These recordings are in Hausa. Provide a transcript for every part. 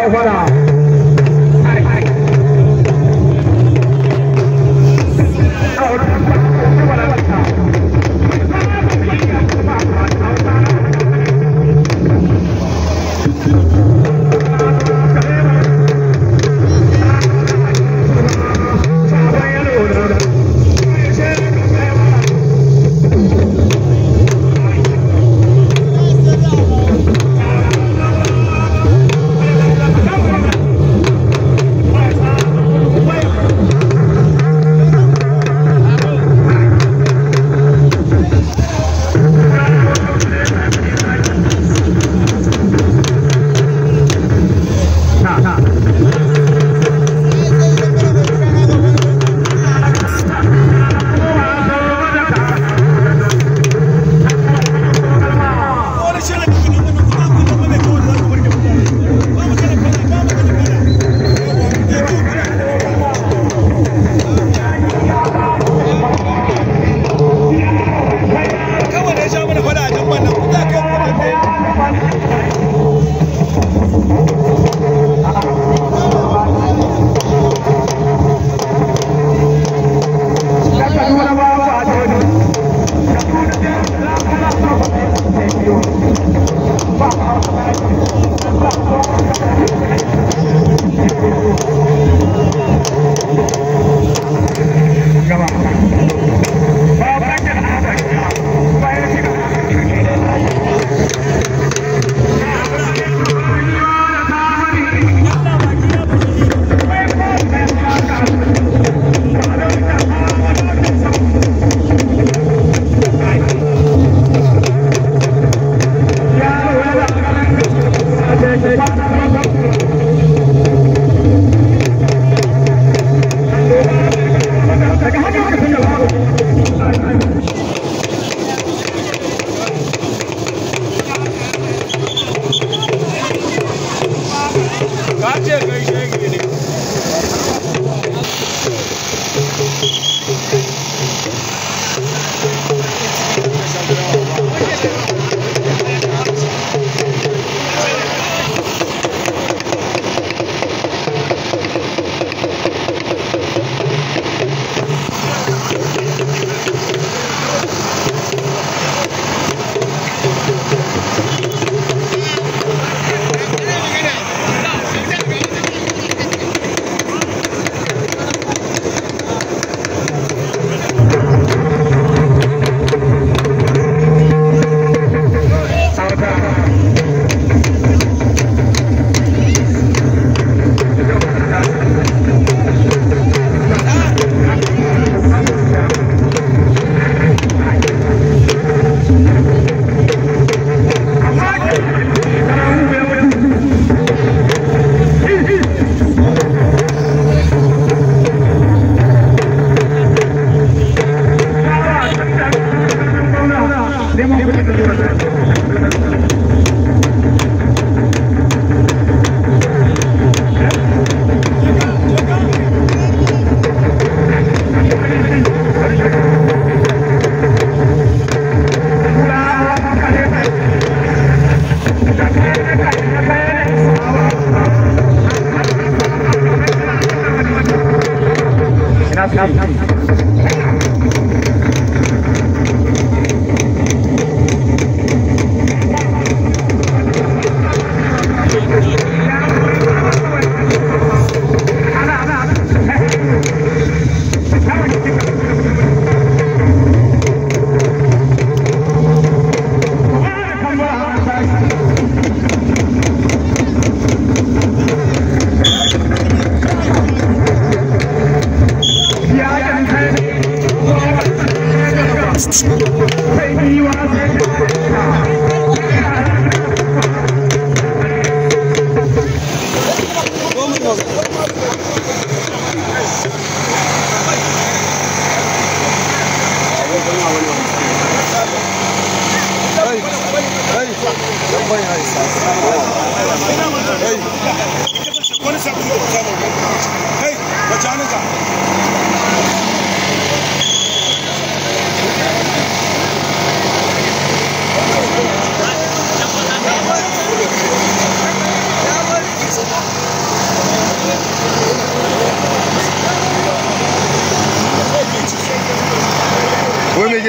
Guevara. Thank you.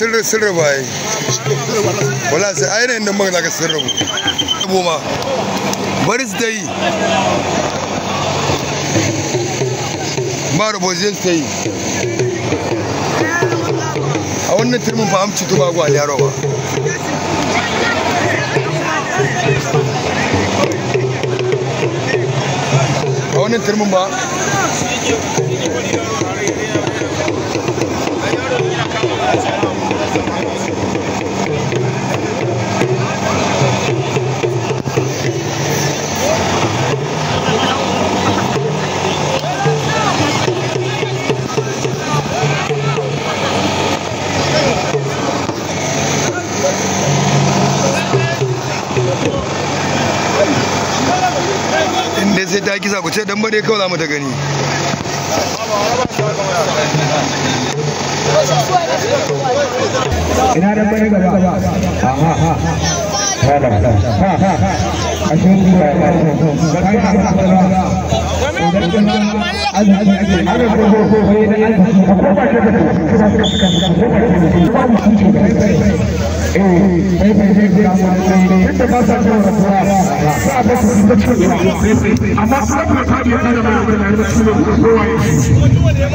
sirri sirri ba yi wala sai a yanayin da magana ka sirri mu ma baris su ta yi ma rubuzi ta yi a wannan turmin fa amci tuba yaro ba a wannan turmin ba in sai ta kisa ku ce dan bare kawai za mu ta gani ina da bai gaba ha ha ha ha ha ha ha a shi ne ba ba ba kai ka ka ba azumi ake ana ko ko ko ne da azumi ko ba ka ka ko ba ka ka amma kuma ta biya da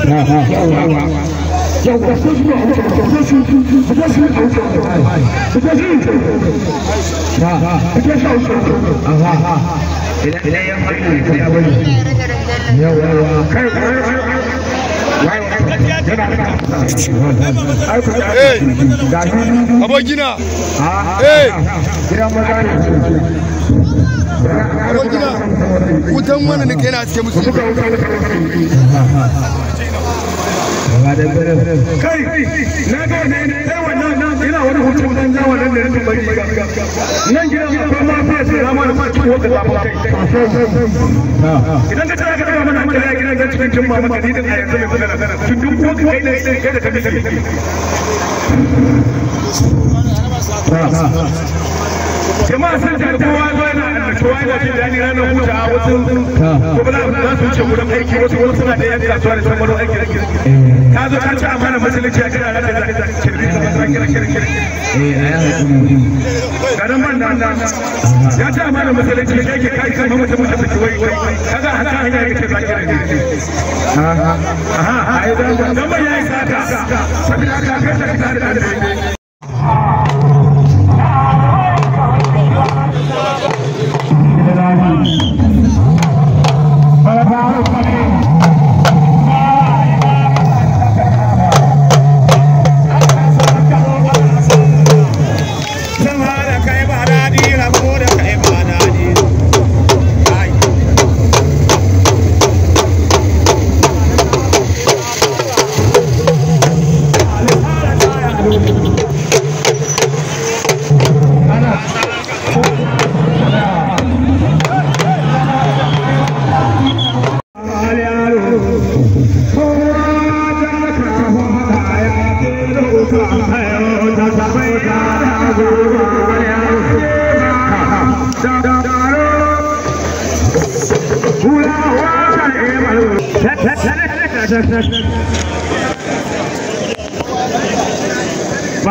mai kowa ya abokina eh wutan wani ne kai na cike musu kai na ga ne sai wannan ina wani hutu dan wannan da rubin bari nan gidan akwai mafiya sai rama ko ka kai idan ka tsaya ka mana kira gidan ga cikin jin a yanzu mai magana duk ko kai kai da kai jama'a sun ta kowa zo kowa yana jin daɗi ranar hutawa wasu kuma za su wuce wurin aiki wasu kuma suna da yan kasuwa da sun baro aiki ka zo ka ci amana musulunci a kana rata da kirkiri da masu kira kira kira garin ban nan ya ci amana musulunci ya ke kai kan mamata mutum da kiwai kaga aha aha Thank you.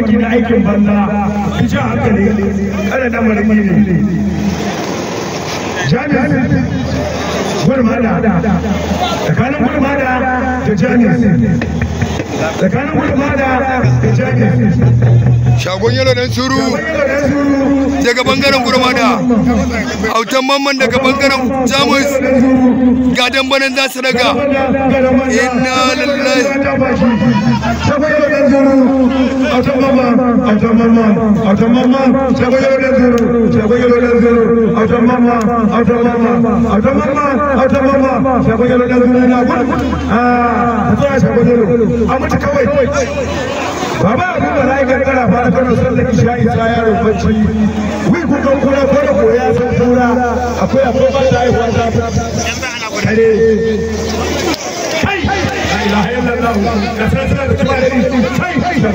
maki da aikin banza ki ja hankali kada da marmi ne janis gurmada tsakanin gurmada da janis tsakanin gurmada da janis shagon yalo dan suru daga bangaren gurmada autan mamman daga bangaren jamus gadan banan za su daga inna lillahi Atamama, Atamama, Atamama, Chagoyola Zero, Chagoyola Zero, Atamama, Atamama, baba abin da zai kankara fara kano sallaki shayi akwai akwai ba ta haihuwa ta kare kai da san da